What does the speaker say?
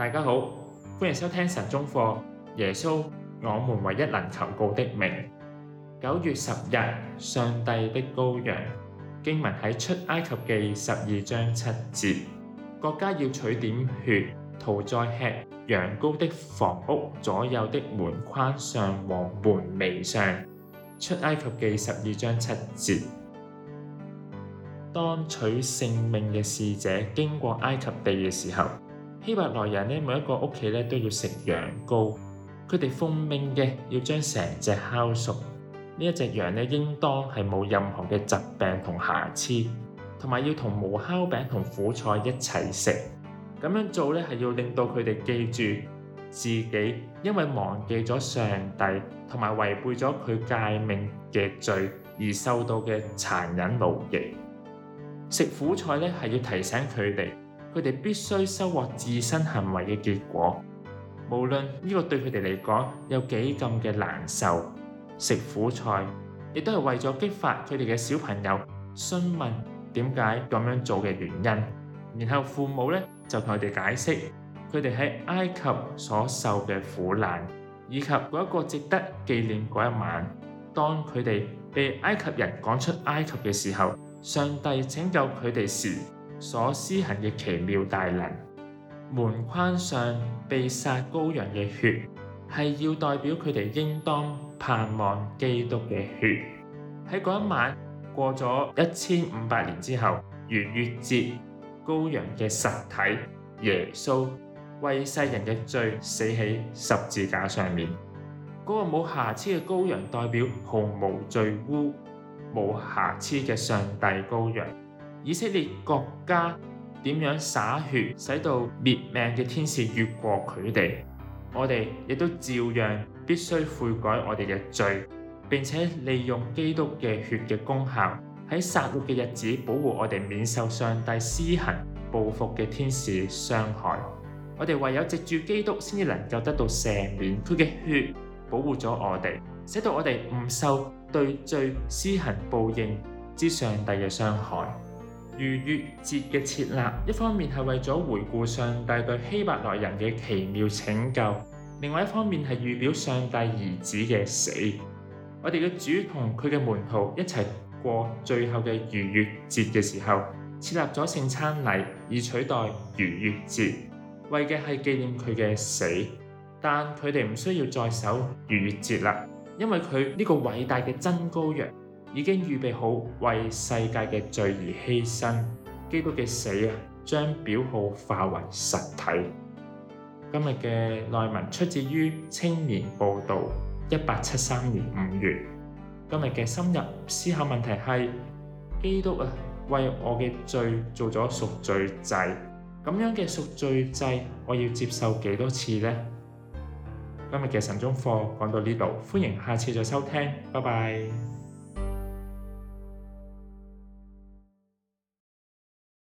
大家好，歡迎收聽晨鐘課，耶穌，我們唯一能求告的名。九月十日，上帝的羔羊。經文喺出埃及記十二章七節，國家要取點血，塗在吃羊羔的房屋左右的門框上和門楣上。出埃及記十二章七節。當取性命嘅使者經過埃及地嘅時候。希伯來人呢，每一個屋企都要食羊羔，佢哋奉命嘅要將成隻烤熟。呢一隻羊咧，應當係冇任何嘅疾病同瑕疵，同埋要同無酵餅同苦菜一齊食。這樣做呢，係要令到佢哋記住自己因為忘記咗上帝同埋違背咗佢誡命嘅罪而受到嘅殘忍奴役。食苦菜呢，係要提醒佢哋。佢哋必須收穫自身行為嘅結果，無論呢個對佢哋嚟講有幾咁嘅難受。食苦菜，亦都係為咗激發佢哋嘅小朋友詢問點解噉樣做嘅原因。然後父母呢就同佢哋解釋佢哋喺埃及所受嘅苦難，以及嗰一個值得紀念嗰一晚。當佢哋被埃及人趕出埃及嘅時候，上帝拯救佢哋時，所施行嘅奇妙大能，門框上被殺羔羊嘅血係要代表佢哋應當盼望基督嘅血。喺嗰一晚過咗一千五百年之後，逾越節羔羊嘅實體耶穌為世人嘅罪死喺十字架上面。嗰、那個冇瑕疵嘅羔羊代表毫無罪污、冇瑕疵嘅上帝羔羊。以色列國家點樣灑血，使到滅命嘅天使越過佢哋，我哋亦都照樣必須悔改我哋嘅罪，並且利用基督嘅血嘅功效喺殺戮嘅日子保護我哋免受上帝施行報復嘅天使傷害。我哋唯有藉住基督，先至能夠得到赦免。佢嘅血保護咗我哋，使到我哋唔受對罪施行報應之上帝的傷害。逾越節嘅設立，一方面係為咗回顧上帝對希伯來人嘅奇妙拯救，另外一方面係預表上帝兒子嘅死。我哋嘅主同佢嘅門徒一齊過最後嘅逾越節嘅時候，設立咗聖餐禮以取代逾越節，為嘅係紀念佢嘅死。但佢哋唔需要再守逾越節啦，因為佢呢個偉大嘅真羔羊，已經預備好為世界嘅罪而犧牲。基督嘅死將表號化為實體。今日嘅內文出自於《青年報道》一八七三年五月。今日嘅深入思考問題是基督啊，為我嘅罪做咗贖罪祭。咁樣嘅贖罪祭，我要接受幾多次呢？今日嘅晨鐘課講到呢度，歡迎下次再收聽。拜拜。